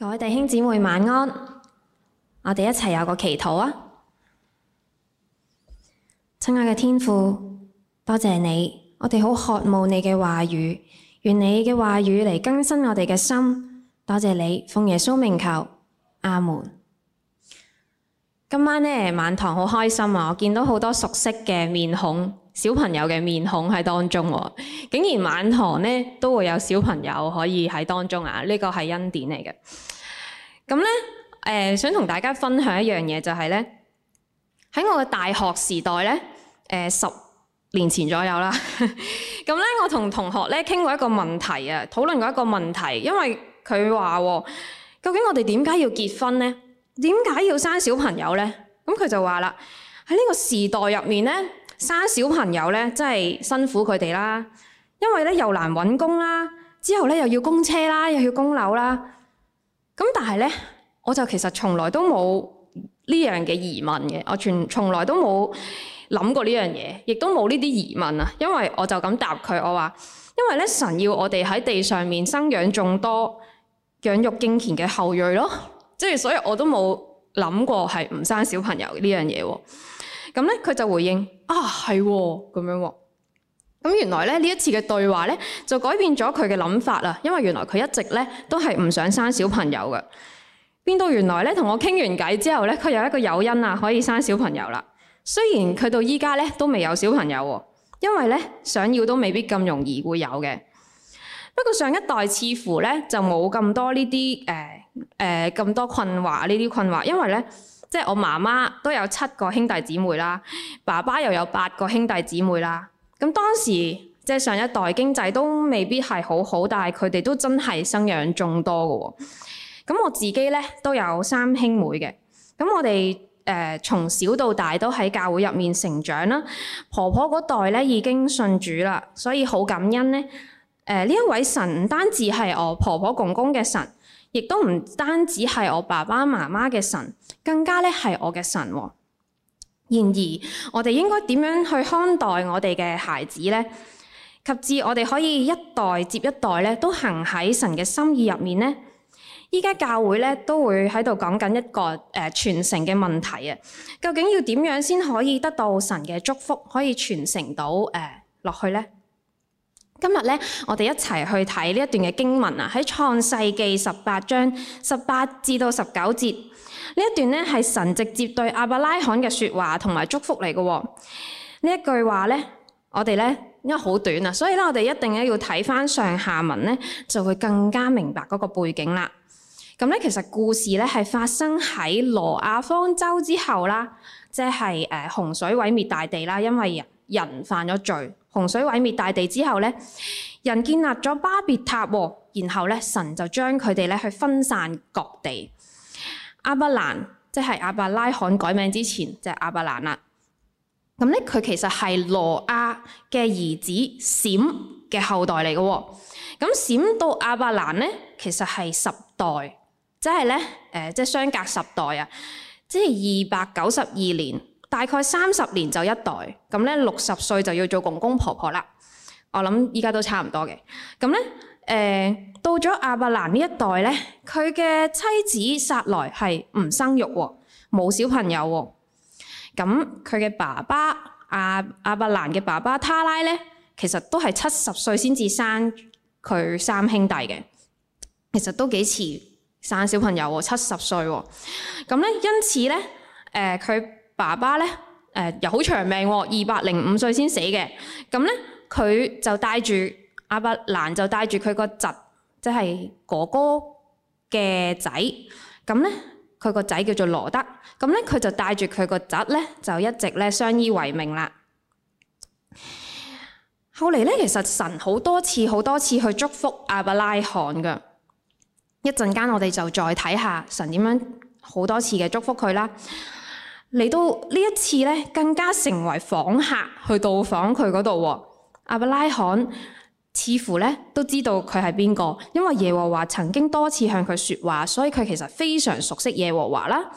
各位弟兄姊妹晚安，我哋一齊有個祈禱啊！親愛嘅天父，多謝你，我哋好渴慕你嘅話語，願你嘅話語嚟更新我哋嘅心。多謝你，奉耶穌名求，阿門。今晚呢晚堂好開心啊，我見到好多熟悉嘅面孔。小朋友嘅面孔喺當中喎、哦，竟然晚堂咧都會有小朋友可以喺當中啊！呢、這個係恩典嚟嘅。咁、嗯、咧，誒、呃、想同大家分享一樣嘢就係咧，喺我嘅大學時代咧，誒、呃、十年前左右啦。咁 咧、嗯，我同同學咧傾過一個問題啊，討論過一個問題，因為佢話、哦：究竟我哋點解要結婚咧？點解要生小朋友咧？咁、嗯、佢就話啦，喺呢個時代入面咧。生小朋友咧，真係辛苦佢哋啦，因為咧又難揾工啦，之後咧又要供車啦，又要供樓啦。咁但係咧，我就其實從來都冇呢樣嘅疑問嘅，我全從來都冇諗過呢樣嘢，亦都冇呢啲疑問啊。因為我就咁答佢，我話因為咧，神要我哋喺地上面生養眾多，養育敬虔嘅後裔咯，即係所以我都冇諗過係唔生小朋友呢樣嘢喎。咁咧，佢就回應：啊，係喎、哦，咁樣喎、哦。咁原來咧呢一次嘅對話咧，就改變咗佢嘅諗法啦。因為原來佢一直咧都係唔想生小朋友嘅，變到原來咧同我傾完偈之後咧，佢有一個誘因啊，可以生小朋友啦。雖然佢到依家咧都未有小朋友喎，因為咧想要都未必咁容易會有嘅。不過上一代似乎咧就冇咁多呢啲誒誒咁多困惑呢啲困惑，因為咧。即係我媽媽都有七個兄弟姊妹啦，爸爸又有八個兄弟姊妹啦。咁當時即係上一代經濟都未必係好好，但係佢哋都真係生養眾多嘅。咁我自己咧都有三兄妹嘅。咁我哋誒、呃、從小到大都喺教會入面成長啦。婆婆嗰代咧已經信主啦，所以好感恩咧。誒、呃、呢一位神唔單止係我婆婆公公嘅神。亦都唔單止係我爸爸媽媽嘅神，更加咧係我嘅神。然而，我哋應該點樣去看待我哋嘅孩子呢？及至我哋可以一代接一代咧，都行喺神嘅心意入面呢？依家教會咧都會喺度講緊一個誒、呃、傳承嘅問題啊！究竟要點樣先可以得到神嘅祝福，可以傳承到誒落、呃、去呢？今日咧，我哋一齊去睇呢一段嘅經文啊！喺創世記十八章十八至到十九節呢一段咧，係神直接對亞伯拉罕嘅説話同埋祝福嚟嘅喎。呢一句話咧，我哋咧因為好短啊，所以咧我哋一定咧要睇翻上下文咧，就會更加明白嗰個背景啦。咁、嗯、咧其實故事咧係發生喺羅亞方舟之後啦，即係誒、呃、洪水毀滅大地啦，因為人犯咗罪，洪水毀滅大地之後咧，人建立咗巴別塔，然後咧神就將佢哋咧去分散各地。亞伯蘭即係亞伯拉罕改名之前就係、是、亞伯蘭啦。咁咧佢其實係羅亞嘅兒子閃嘅後代嚟嘅，咁閃到亞伯蘭咧其實係十代，即係咧誒即係相隔十代啊，即係二百九十二年。大概三十年就一代，咁咧六十歲就要做公公婆婆啦。我諗依家都差唔多嘅。咁咧，誒、呃、到咗亞伯蘭呢一代咧，佢嘅妻子撒萊係唔生育喎，冇小朋友喎。咁佢嘅爸爸亞、啊、亞伯蘭嘅爸爸他拉咧，其實都係七十歲先至生佢三兄弟嘅，其實都幾遲生小朋友喎，七十歲喎。咁咧，因此咧，誒、呃、佢。爸爸咧，誒、呃、又好長命喎、哦，二百零五歲先死嘅。咁咧，佢就帶住阿伯蘭，就帶住佢個侄，即係哥哥嘅仔。咁咧，佢個仔叫做羅德。咁咧，佢就帶住佢個侄咧，就一直咧相依為命啦。後嚟咧，其實神好多次、好多次去祝福阿伯拉罕㗎。一陣間，我哋就再睇下神點樣好多次嘅祝福佢啦。嚟到呢一次咧，更加成為訪客去到訪佢嗰度。亞伯拉罕似乎咧都知道佢係邊個，因為耶和華曾經多次向佢説話，所以佢其實非常熟悉耶和華啦。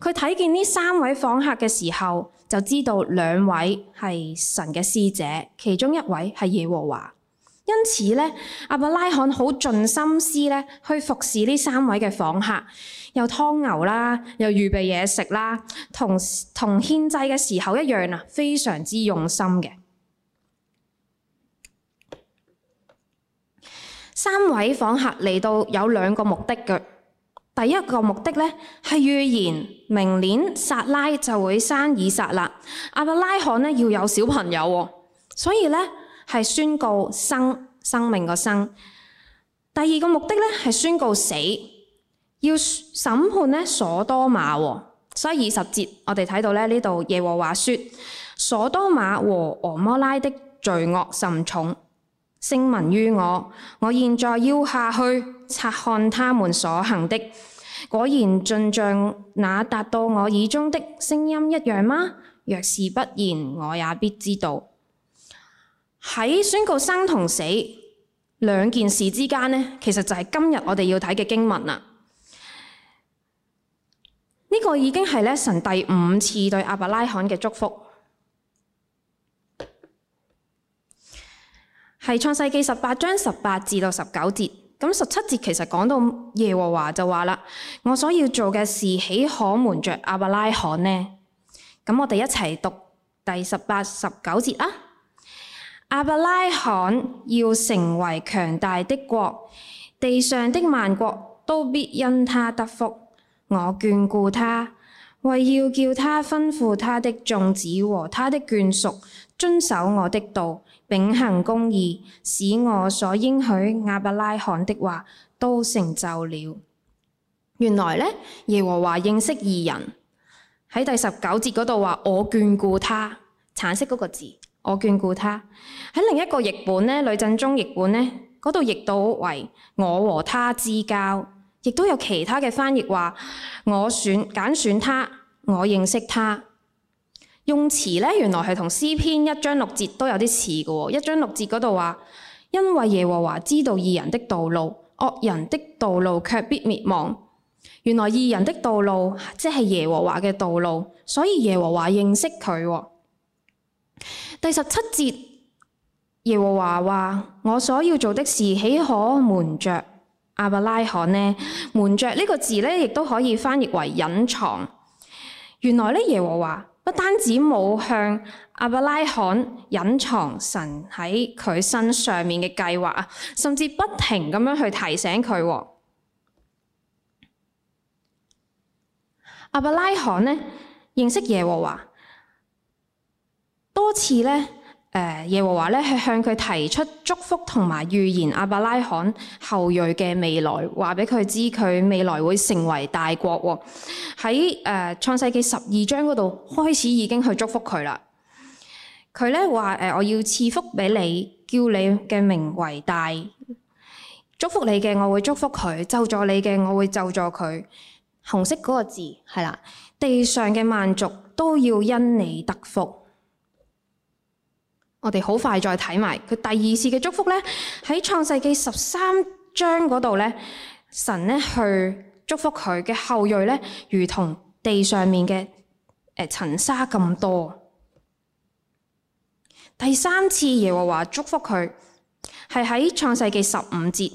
佢睇見呢三位訪客嘅時候，就知道兩位係神嘅使者，其中一位係耶和華。因此咧，亞伯拉罕好盡心思咧去服侍呢三位嘅訪客。又湯牛啦，又預備嘢食啦，同同獻祭嘅時候一樣啊，非常之用心嘅。三位訪客嚟到有兩個目的嘅。第一個目的呢，係預言明年撒拉就會生以撒啦，亞伯拉罕呢，要有小朋友喎，所以呢，係宣告生生命嘅生。第二個目的呢，係宣告死。要審判呢所多瑪喎，所以二十節我哋睇到呢度耶和華說：所多瑪和俄摩拉的罪惡甚重，聲聞於我，我現在要下去察看他們所行的，果然盡像那達到我耳中的聲音一樣嗎？若是不然，我也必知道。喺宣告生同死兩件事之間呢，其實就係今日我哋要睇嘅經文啦。呢個已經係咧神第五次對亞伯拉罕嘅祝福，喺創世記十八章十八至到十九節。咁十七節其實講到耶和華就話啦：我所要做嘅事，豈可瞞著亞伯拉罕呢？咁我哋一齊讀第十八、十九節啦。亞伯拉罕要成為強大的國，地上的萬國都必因他得福。我眷顧他，為要叫他吩咐他的眾子和他的眷屬遵守我的道，秉行公義，使我所應許亞伯拉罕的話都成就了。原來呢，耶和華認識二人，喺第十九節嗰度話，我眷顧他，橙色嗰個字我眷顧他，喺另一個譯本呢，呂振中譯本呢，嗰度譯到為我和他之交。亦都有其他嘅翻譯話，我選揀選他，我認識他。用詞呢，原來係同詩篇一章六節都有啲似嘅喎。一章六節嗰度話，因為耶和華知道義人的道路，惡人的道路卻必滅亡。原來義人的道路即係耶和華嘅道路，所以耶和華認識佢。第十七節，耶和華話：我所要做的事，豈可瞞着。」亞伯拉罕呢，瞞着呢個字呢，亦都可以翻譯為隱藏。原來呢，耶和華不單止冇向亞伯拉罕隱藏神喺佢身上面嘅計劃啊，甚至不停咁樣去提醒佢。亞伯拉罕呢，認識耶和華，多次呢。誒耶和華咧係向佢提出祝福同埋預言，阿伯拉罕後裔嘅未來，話俾佢知佢未來會成為大國喎。喺誒、呃、創世記十二章嗰度開始已經去祝福佢啦。佢咧話誒，我要賜福俾你，叫你嘅名為大。祝福你嘅，我會祝福佢；咒詛你嘅，我會咒詛佢。紅色嗰個字係啦，地上嘅萬族都要因你得福。我哋好快再睇埋佢第二次嘅祝福呢，喺創世記十三章嗰度，呢神呢去祝福佢嘅後裔，呢如同地上面嘅誒塵沙咁多。第三次耶和華祝福佢，係喺創世記十五節，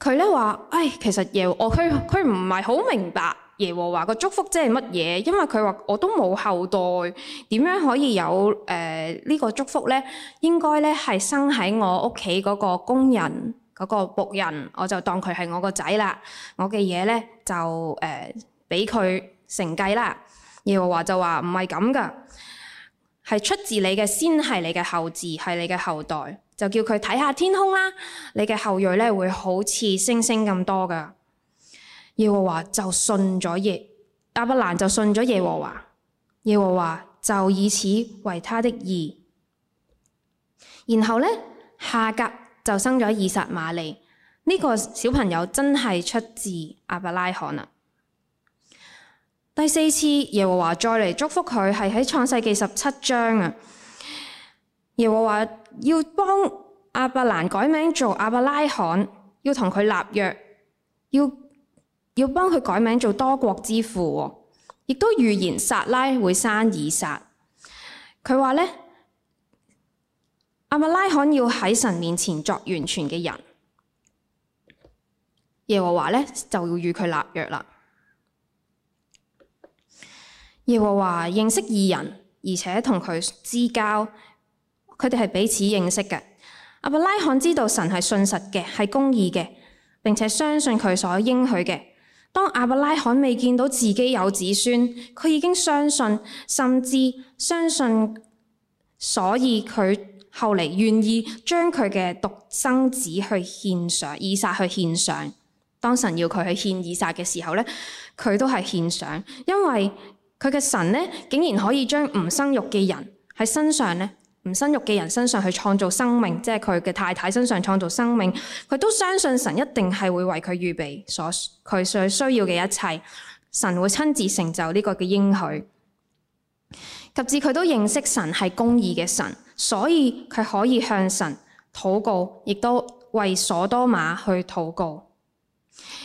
佢呢話，唉、哎，其實耶和華，佢佢唔係好明白。耶和華個祝福即係乜嘢？因為佢話我都冇後代，點樣可以有誒呢個祝福呢？應該咧係生喺我屋企嗰個工人嗰個僕人，我就當佢係我個仔啦。我嘅嘢咧就誒俾佢承繼啦。耶和華就話唔係咁㗎，係出自你嘅先係你嘅後嗣，係你嘅後代，就叫佢睇下天空啦。你嘅後裔咧會好似星星咁多㗎。耶和華就信咗耶，亞伯蘭就信咗耶和華，耶和華就以此為他的義。然後呢，夏甲就生咗以撒、馬利，呢、這個小朋友真係出自亞伯拉罕啦。第四次耶和華再嚟祝福佢，係喺創世記十七章啊。耶和華要幫亞伯蘭改名做亞伯拉罕，要同佢立約，要。要幫佢改名做多國之父，哦，亦都預言撒拉會生以撒。佢話呢，阿伯拉罕要喺神面前作完全嘅人，耶和華呢，就要與佢立約啦。耶和華認識異人，而且同佢之交，佢哋係彼此認識嘅。阿伯拉罕知道神係信實嘅，係公義嘅，並且相信佢所應許嘅。當亞伯拉罕未見到自己有子孫，佢已經相信，甚至相信，所以佢後嚟願意將佢嘅獨生子去獻上，以撒去獻上。當神要佢去獻以撒嘅時候咧，佢都係獻上，因為佢嘅神咧竟然可以將唔生育嘅人喺身上咧。唔生育嘅人身上去創造生命，即係佢嘅太太身上創造生命，佢都相信神一定係會為佢預備所佢所需要嘅一切，神會親自成就呢個嘅應許。及至佢都認識神係公義嘅神，所以佢可以向神禱告，亦都為所多瑪去禱告。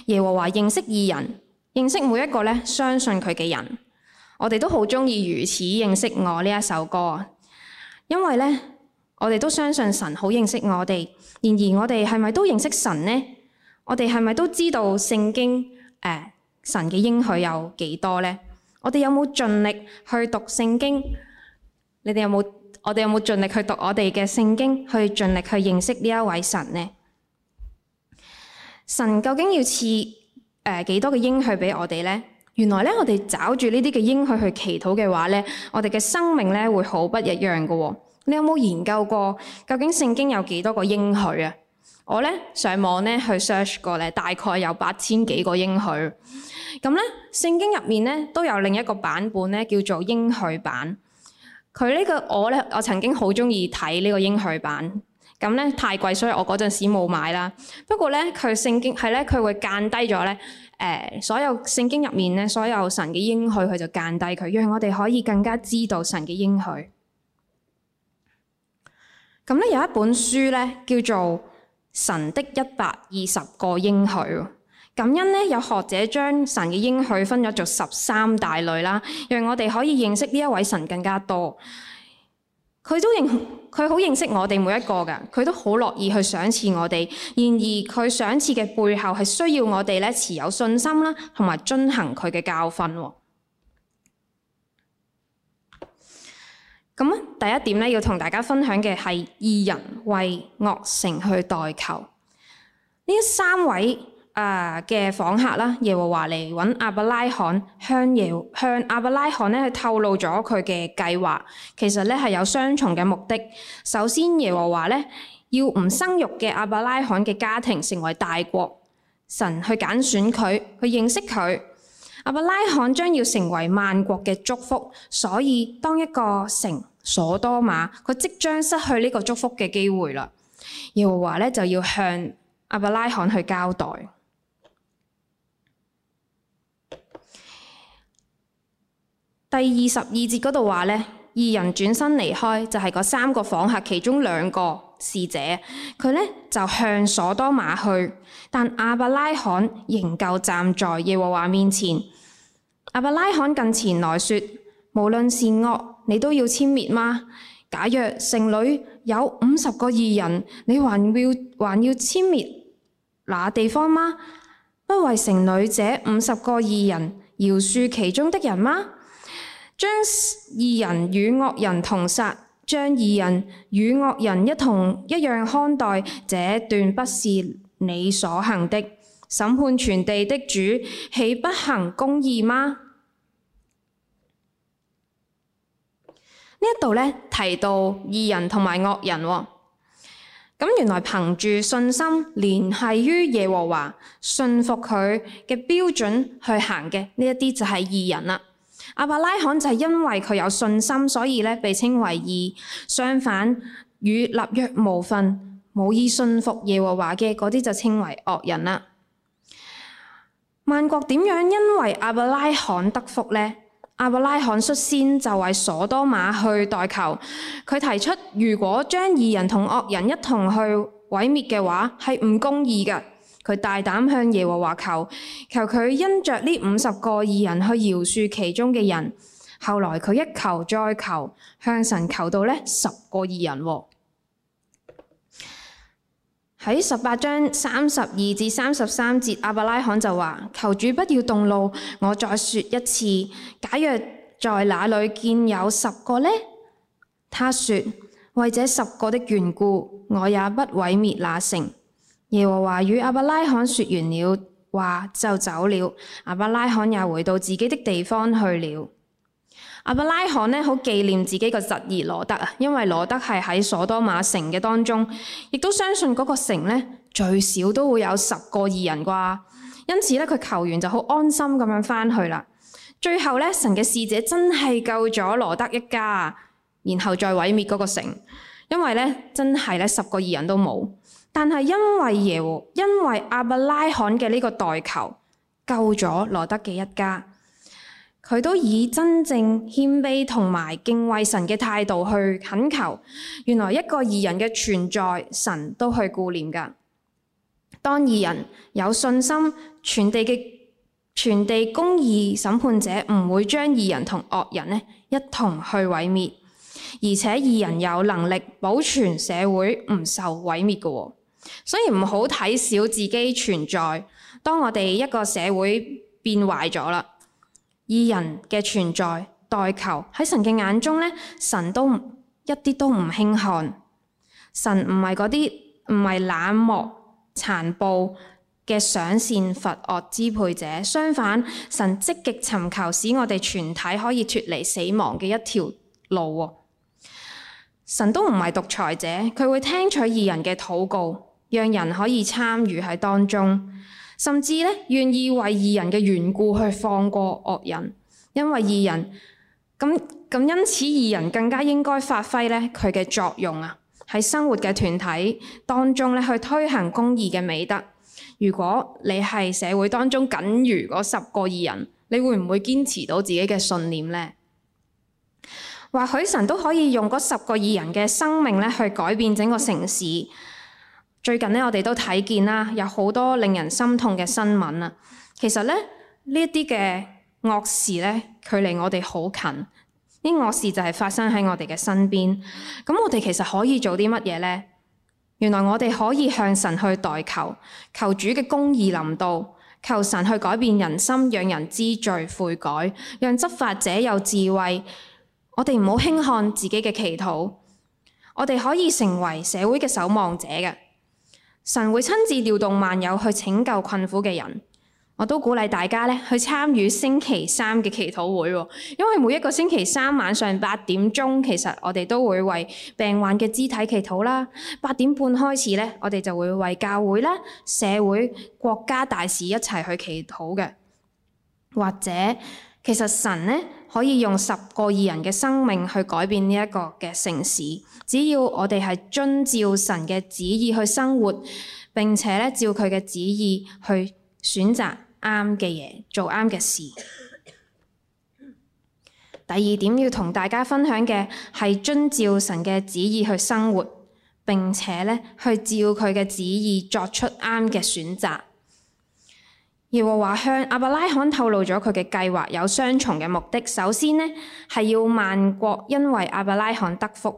耶和華認識義人，認識每一個咧相信佢嘅人。我哋都好鍾意如此認識我呢一首歌啊！因為咧，我哋都相信神好認識我哋。然而，我哋係咪都認識神呢？我哋係咪都知道聖經誒、呃、神嘅應許有幾多呢？我哋有冇盡力去讀聖經？你哋有冇？我哋有冇盡力去讀我哋嘅聖經，去盡力去認識呢一位神呢？神究竟要賜誒幾、呃、多嘅應許俾我哋呢？原來咧，我哋找住呢啲嘅應許去祈禱嘅話咧，我哋嘅生命咧會好不一樣嘅喎。你有冇研究過究竟聖經有幾多個應許啊？我咧上網咧去 search 過咧，大概有八千幾個應許。咁咧，聖經入面咧都有另一個版本咧，叫做應許版。佢呢個我咧，我曾經好中意睇呢個應許版。咁咧，太貴，所以我嗰陣時冇買啦。不過咧，佢聖經係咧，佢會間低咗咧。誒，所有聖經入面咧，所有神嘅應許，佢就間低佢，讓我哋可以更加知道神嘅應許。咁咧有一本書咧叫做《神的一百二十個應許》。感恩呢，有學者將神嘅應許分咗做十三大類啦，讓我哋可以認識呢一位神更加多。佢都認，佢好認識我哋每一個㗎，佢都好樂意去賞賜我哋。然而，佢賞賜嘅背後係需要我哋呢持有信心啦，同埋遵行佢嘅教訓。咁、嗯、第一點呢，要同大家分享嘅係二人為惡城去代求呢一三位。啊嘅、uh, 訪客啦，耶和華嚟揾亞伯拉罕，向耶向亞伯拉罕咧去透露咗佢嘅計劃。其實咧係有雙重嘅目的。首先，耶和華咧要唔生育嘅亞伯拉罕嘅家庭成為大國，神去揀選佢，去認識佢。亞伯拉罕將要成為萬國嘅祝福，所以當一個城所多瑪，佢即將失去呢個祝福嘅機會啦。耶和華咧就要向亞伯拉罕去交代。第二十二節嗰度話呢，二人轉身離開，就係、是、嗰三個訪客其中兩個侍者。佢呢，就向所多瑪去，但亞伯拉罕仍舊站在耶和華面前。亞伯拉罕近前來說：無論善惡，你都要殲滅嗎？假若城裏有五十個義人，你還要還要殲滅那地方嗎？不為城裡這五十個義人饒恕其中的人嗎？將義人與惡人同殺，將義人與惡人一同一樣看待，這段不是你所行的。審判全地的主豈不行公義嗎？呢一度呢，提到義人同埋惡人，哦，咁原來憑住信心聯繫於耶和華、信服佢嘅標準去行嘅呢一啲就係義人啦。阿伯拉罕就係因為佢有信心，所以呢，被稱為義；相反，與立約無份、冇意信服耶和華嘅嗰啲就稱為惡人啦。萬國點樣因為阿伯拉罕得福呢？阿伯拉罕率先就為所多瑪去代求，佢提出如果將義人同惡人一同去毀滅嘅話，係唔公義嘅。佢大膽向耶和華求，求佢因着呢五十個義人去饒恕其中嘅人。後來佢一求再求，向神求到呢十個義人喎、哦。喺十八章三十二至三十三節，亞伯拉罕就話：求主不要動怒，我再說一次，假若在那裡見有十個呢？」他說為這十個的緣故，我也不毀滅那城。耶和華與亞伯拉罕說完了話就走了，亞伯拉罕也回到自己的地方去了。亞伯拉罕呢好紀念自己個侄兒羅德啊，因為羅德係喺所多瑪城嘅當中，亦都相信嗰個城呢最少都會有十個義人啩，因此呢，佢求完就好安心咁樣翻去啦。最後呢，神嘅使者真係救咗羅德一家，然後再毀滅嗰個城，因為呢真係呢十個義人都冇。但係因為耶和因為亞伯拉罕嘅呢個代求救咗羅德嘅一家，佢都以真正謙卑同埋敬畏神嘅態度去懇求。原來一個義人嘅存在，神都去顧念噶。當義人有信心，全地嘅全地公義審判者唔會將義人同惡人咧一同去毀滅，而且義人有能力保存社會唔受毀滅噶。所以唔好睇小自己存在。當我哋一個社會變壞咗啦，義人嘅存在代求喺神嘅眼中呢，神都一啲都唔輕看。神唔係嗰啲唔係冷漠、殘暴嘅賞善罰惡支配者，相反，神積極尋求使我哋全體可以脫離死亡嘅一條路。神都唔係獨裁者，佢會聽取義人嘅禱告。讓人可以參與喺當中，甚至咧願意為義人嘅緣故去放過惡人，因為義人咁咁，因此義人更加應該發揮咧佢嘅作用啊！喺生活嘅團體當中咧，去推行公義嘅美德。如果你係社會當中僅餘嗰十個義人，你會唔會堅持到自己嘅信念呢？或許神都可以用嗰十個義人嘅生命咧，去改變整個城市。最近咧，我哋都睇見啦，有好多令人心痛嘅新聞啊！其實咧，呢一啲嘅惡事咧，距離我哋好近。啲惡事就係發生喺我哋嘅身邊。咁我哋其實可以做啲乜嘢呢？原來我哋可以向神去代求，求主嘅公義臨到，求神去改變人心，讓人知罪悔改，讓執法者有智慧。我哋唔好輕看自己嘅祈禱，我哋可以成為社會嘅守望者嘅。神會親自調動萬有去拯救困苦嘅人，我都鼓勵大家咧去參與星期三嘅祈禱會，因為每一個星期三晚上八點鐘，其實我哋都會為病患嘅肢體祈禱啦。八點半開始咧，我哋就會為教會啦、社會、國家大事一齊去祈禱嘅。或者，其實神呢。可以用十個義人嘅生命去改變呢一個嘅城市。只要我哋係遵照神嘅旨意去生活，並且呢照佢嘅旨意去選擇啱嘅嘢，做啱嘅事。第二點要同大家分享嘅係遵照神嘅旨意去生活，並且呢去照佢嘅旨意作出啱嘅選擇。耶和華向亞伯拉罕透露咗佢嘅計劃，有雙重嘅目的。首先呢係要萬國因為亞伯拉罕得福，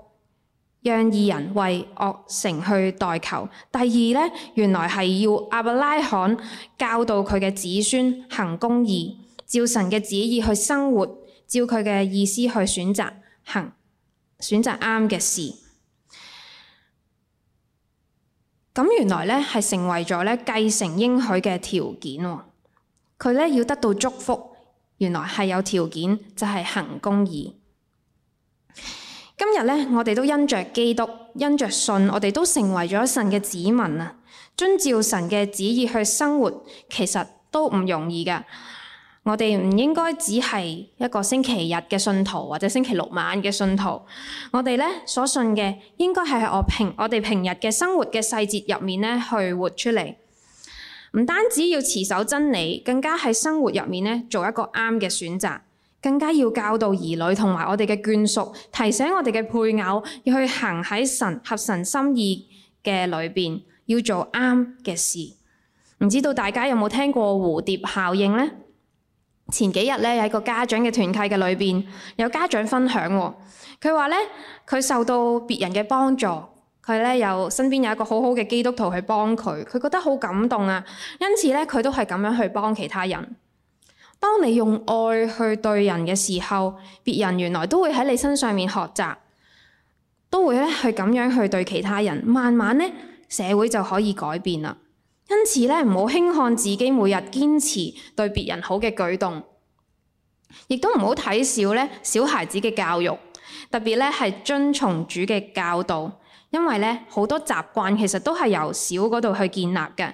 讓義人為惡城去代求。第二呢原來係要亞伯拉罕教導佢嘅子孫行公義，照神嘅旨意去生活，照佢嘅意思去選擇行，行選擇啱嘅事。咁原來咧係成為咗咧繼承應許嘅條件喎，佢咧要得到祝福，原來係有條件，就係行公義。今日咧，我哋都因着基督，因着信，我哋都成為咗神嘅子民啊！遵照神嘅旨意去生活，其實都唔容易噶。我哋唔應該只係一個星期日嘅信徒，或者星期六晚嘅信徒。我哋咧所信嘅應該係喺我平，我哋平日嘅生活嘅細節入面咧去活出嚟。唔單止要持守真理，更加喺生活入面咧做一個啱嘅選擇，更加要教導兒女同埋我哋嘅眷屬，提醒我哋嘅配偶要去行喺神合神心意嘅裏邊，要做啱嘅事。唔知道大家有冇聽過蝴蝶效應咧？呢前幾日咧喺個家長嘅團契嘅裏邊，有家長分享喎，佢話咧佢受到別人嘅幫助，佢咧有身邊有一個好好嘅基督徒去幫佢，佢覺得好感動啊，因此咧佢都係咁樣去幫其他人。當你用愛去對人嘅時候，別人原來都會喺你身上面學習，都會咧去咁樣去對其他人，慢慢咧社會就可以改變啦。因此咧，唔好輕看自己每日堅持對別人好嘅舉動，亦都唔好睇小咧小孩子嘅教育，特別咧係遵從主嘅教導，因為咧好多習慣其實都係由小嗰度去建立嘅。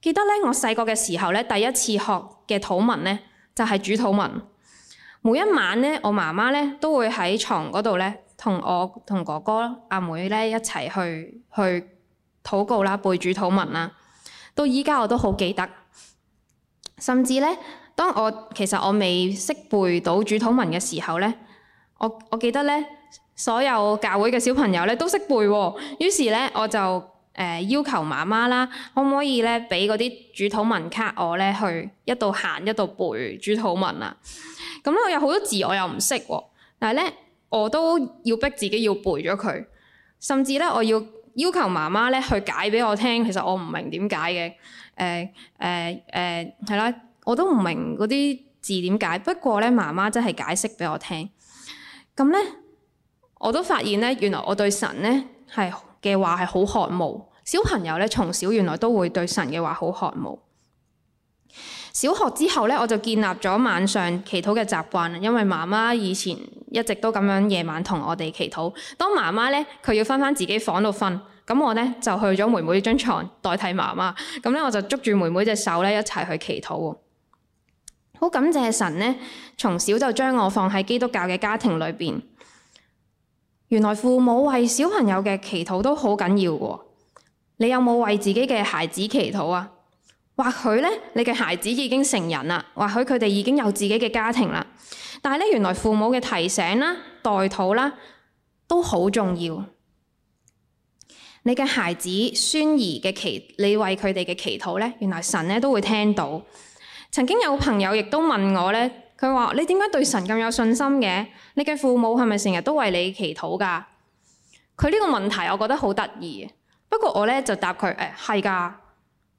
記得咧，我細個嘅時候咧，第一次學嘅禱文咧，就係主禱文。每一晚咧，我媽媽咧都會喺床嗰度咧，同我同哥哥阿妹咧一齊去去禱告啦，背主禱文啦。到依家我都好記得，甚至咧，當我其實我未識背到主禱文嘅時候咧，我我記得咧，所有教會嘅小朋友咧都識背喎、哦。於是咧，我就誒、呃、要求媽媽啦，可唔可以咧俾嗰啲主禱文卡我咧去一度行一度背主禱文啊？咁咧，我有好多字我又唔識喎，但係咧，我都要逼自己要背咗佢，甚至咧，我要。要求媽媽咧去解俾我聽，其實我唔明點解嘅，誒誒誒，係、呃、啦，我都唔明嗰啲字點解。不過咧，媽媽真係解釋俾我聽。咁咧，我都發現咧，原來我對神咧係嘅話係好渴慕。小朋友咧，從小原來都會對神嘅話好渴慕。小學之後咧，我就建立咗晚上祈禱嘅習慣，因為媽媽以前。一直都咁樣夜晚同我哋祈禱。當媽媽呢，佢要翻返自己房度瞓，咁我呢，就去咗妹妹張床代替媽媽。咁呢，我就捉住妹妹隻手呢，一齊去祈禱。好感謝神呢，從小就將我放喺基督教嘅家庭裏邊。原來父母為小朋友嘅祈禱都好緊要嘅。你有冇為自己嘅孩子祈禱啊？或許呢，你嘅孩子已經成人啦，或許佢哋已經有自己嘅家庭啦。但係咧，原來父母嘅提醒啦、代禱啦，都好重要。你嘅孩子、孫兒嘅祈，你為佢哋嘅祈禱咧，原來神咧都會聽到。曾經有朋友亦都問我咧，佢話：你點解對神咁有信心嘅？你嘅父母係咪成日都為你祈禱噶？佢呢個問題我覺得好得意。不過我咧就答佢：，誒、哎，係噶。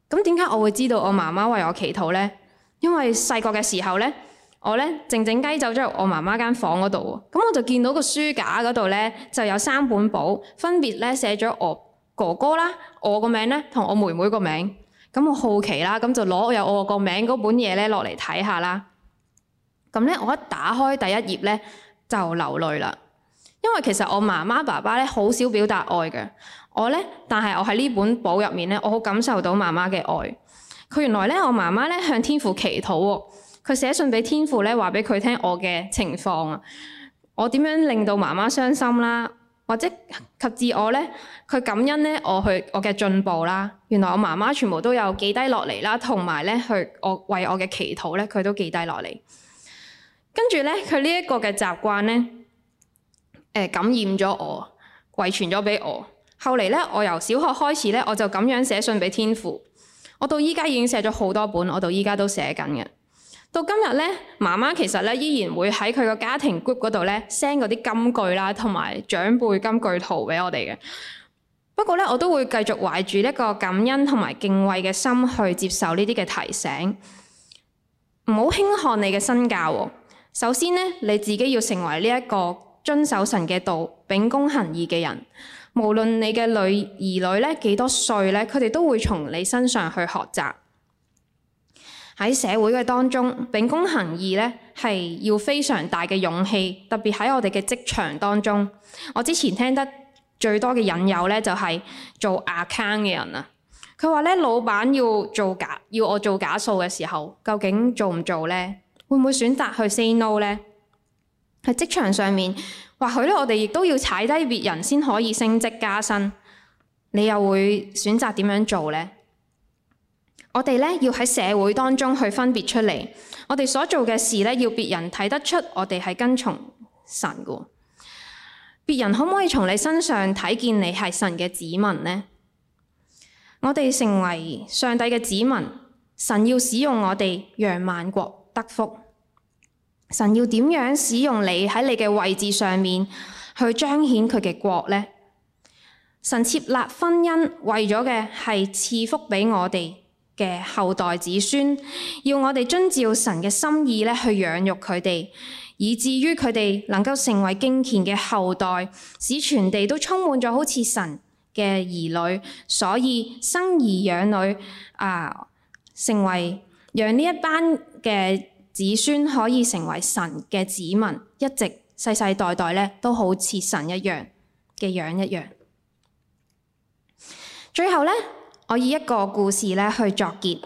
咁點解我會知道我媽媽為我祈禱咧？因為細個嘅時候咧。我咧靜靜雞走咗入我媽媽間房嗰度喎，咁我就見到個書架嗰度咧就有三本簿，分別咧寫咗我哥哥啦、我個名咧同我妹妹個名。咁我好奇啦，咁就攞有我個名嗰本嘢咧落嚟睇下啦。咁咧我一打開第一頁咧就流淚啦，因為其實我媽媽爸爸咧好少表達愛嘅。我咧但係我喺呢本簿入面咧，我好感受到媽媽嘅愛。佢原來咧我媽媽咧向天父祈禱喎、啊。佢寫信俾天父咧，話俾佢聽我嘅情況啊，我點樣令到媽媽傷心啦，或者及至我咧，佢感恩咧，我去我嘅進步啦。原來我媽媽全部都有記低落嚟啦，同埋咧佢我為我嘅祈禱咧，佢都記低落嚟。跟住咧，佢呢一個嘅習慣咧，誒、呃、感染咗我，遺傳咗俾我。後嚟咧，我由小學開始咧，我就咁樣寫信俾天父。我到依家已經寫咗好多本，我到依家都寫緊嘅。到今日咧，媽媽其實咧依然會喺佢個家庭 group 嗰度咧 send 嗰啲金句啦，同埋長輩金句圖俾我哋嘅。不過咧，我都會繼續懷住一個感恩同埋敬畏嘅心去接受呢啲嘅提醒，唔好輕看你嘅身教喎。首先咧，你自己要成為呢一個遵守神嘅道、秉公行義嘅人。無論你嘅女兒女咧幾多歲咧，佢哋都會從你身上去學習。喺社會嘅當中，秉公行義咧係要非常大嘅勇氣，特別喺我哋嘅職場當中。我之前聽得最多嘅引誘咧，就係、是、做 account 嘅人啊。佢話咧，老闆要做假，要我做假數嘅時候，究竟做唔做咧？會唔會選擇去 say no 咧？喺職場上面，或許咧，我哋亦都要踩低別人先可以升職加薪。你又會選擇點樣做咧？我哋咧要喺社會當中去分別出嚟，我哋所做嘅事呢，要別人睇得出我哋係跟從神嘅。別人可唔可以從你身上睇見你係神嘅子民呢？我哋成為上帝嘅子民，神要使用我哋讓萬國得福。神要點樣使用你喺你嘅位置上面去彰顯佢嘅國呢？神設立婚姻為咗嘅係賜福俾我哋。嘅後代子孫，要我哋遵照神嘅心意咧去養育佢哋，以至於佢哋能夠成為敬虔嘅後代，使全地都充滿咗好似神嘅兒女。所以生兒養女啊、呃，成為讓呢一班嘅子孫可以成為神嘅子民，一直世世代代咧都好似神一樣嘅樣一樣。最後咧，我以一個故事咧去作結，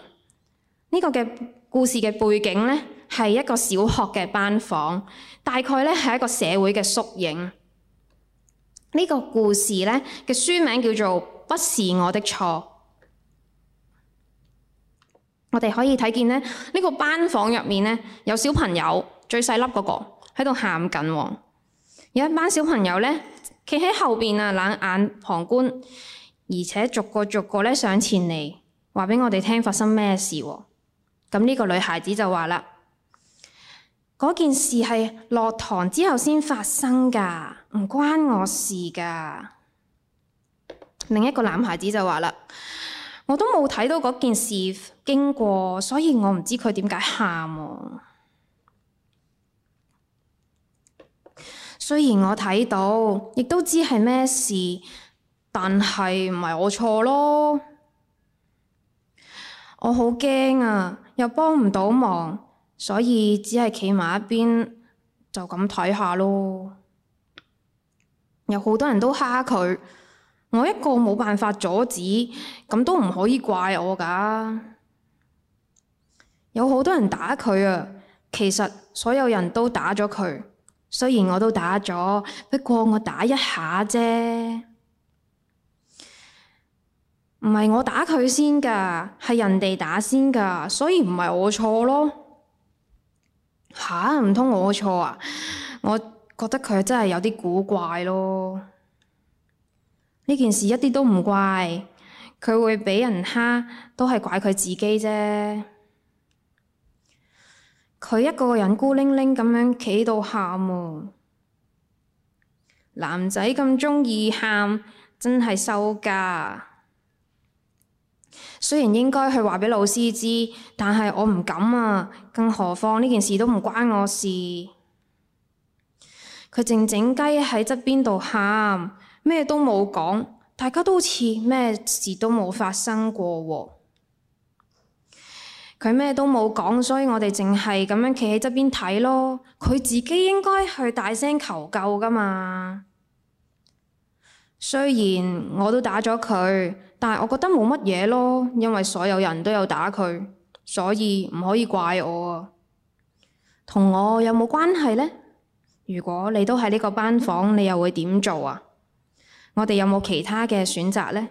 呢個嘅故事嘅背景咧係一個小學嘅班房，大概咧係一個社會嘅縮影。呢個故事咧嘅書名叫做《不是我的錯》。我哋可以睇見咧，呢個班房入面咧有小朋友最細粒嗰個喺度喊緊喎，有一班小朋友咧企喺後邊啊冷眼旁觀。而且逐個逐個呢上前嚟，話俾我哋聽發生咩事。咁、這、呢個女孩子就話啦：嗰件事係落堂之後先發生噶，唔關我事噶。另一個男孩子就話啦：我都冇睇到嗰件事經過，所以我唔知佢點解喊。雖然我睇到，亦都知係咩事。但係唔係我錯咯，我好驚啊，又幫唔到忙，所以只係企埋一邊就咁睇下咯。有好多人都蝦佢，我一個冇辦法阻止，咁都唔可以怪我噶。有好多人打佢啊，其實所有人都打咗佢，雖然我都打咗，不過我打一下啫。唔係我打佢先噶，係人哋打先噶，所以唔係我錯咯。吓、啊，唔通我錯啊？我覺得佢真係有啲古怪咯。呢件事一啲都唔怪，佢會俾人蝦都係怪佢自己啫。佢一個人孤零零咁樣企度喊啊，男仔咁鍾意喊，真係羞家。雖然應該去話俾老師知，但係我唔敢啊。更何況呢件事都唔關我事。佢靜靜雞喺側邊度喊，咩都冇講，大家都好似咩事都冇發生過。佢咩都冇講，所以我哋淨係咁樣企喺側邊睇咯。佢自己應該去大聲求救噶嘛。雖然我都打咗佢，但係我覺得冇乜嘢咯，因為所有人都有打佢，所以唔可以怪我啊。同我有冇關係呢？如果你都喺呢個班房，你又會點做啊？我哋有冇其他嘅選擇呢？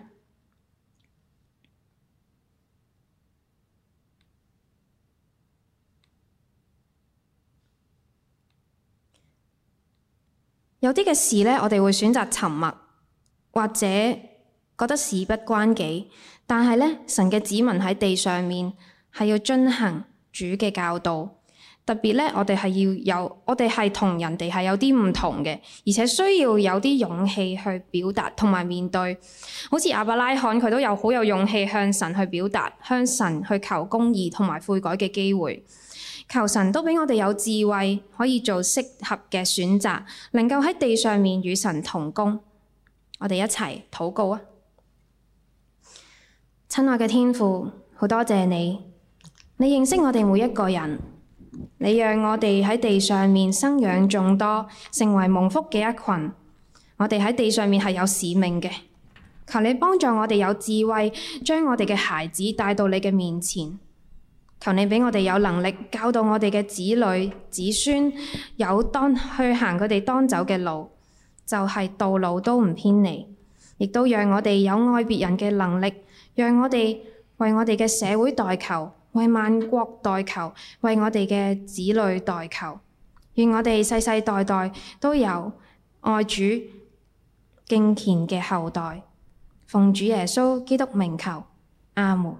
有啲嘅事呢，我哋會選擇沉默。或者覺得事不關己，但係咧，神嘅子民喺地上面係要遵行主嘅教導。特別咧，我哋係要有，我哋係同人哋係有啲唔同嘅，而且需要有啲勇氣去表達同埋面對。好似阿伯拉罕，佢都有好有勇氣向神去表達，向神去求公義同埋悔改嘅機會。求神都俾我哋有智慧，可以做適合嘅選擇，能夠喺地上面與神同工。我哋一齊禱告啊！親愛嘅天父，好多謝你，你認識我哋每一個人，你讓我哋喺地上面生養眾多，成為蒙福嘅一群。我哋喺地上面係有使命嘅，求你幫助我哋有智慧，將我哋嘅孩子帶到你嘅面前。求你俾我哋有能力，教導我哋嘅子女、子孫有當去行佢哋當走嘅路。就係道路都唔偏離，亦都讓我哋有愛別人嘅能力，讓我哋為我哋嘅社會代求，為萬國代求，為我哋嘅子女代求。願我哋世世代代都有愛主敬虔嘅後代，奉主耶穌基督名求，阿門。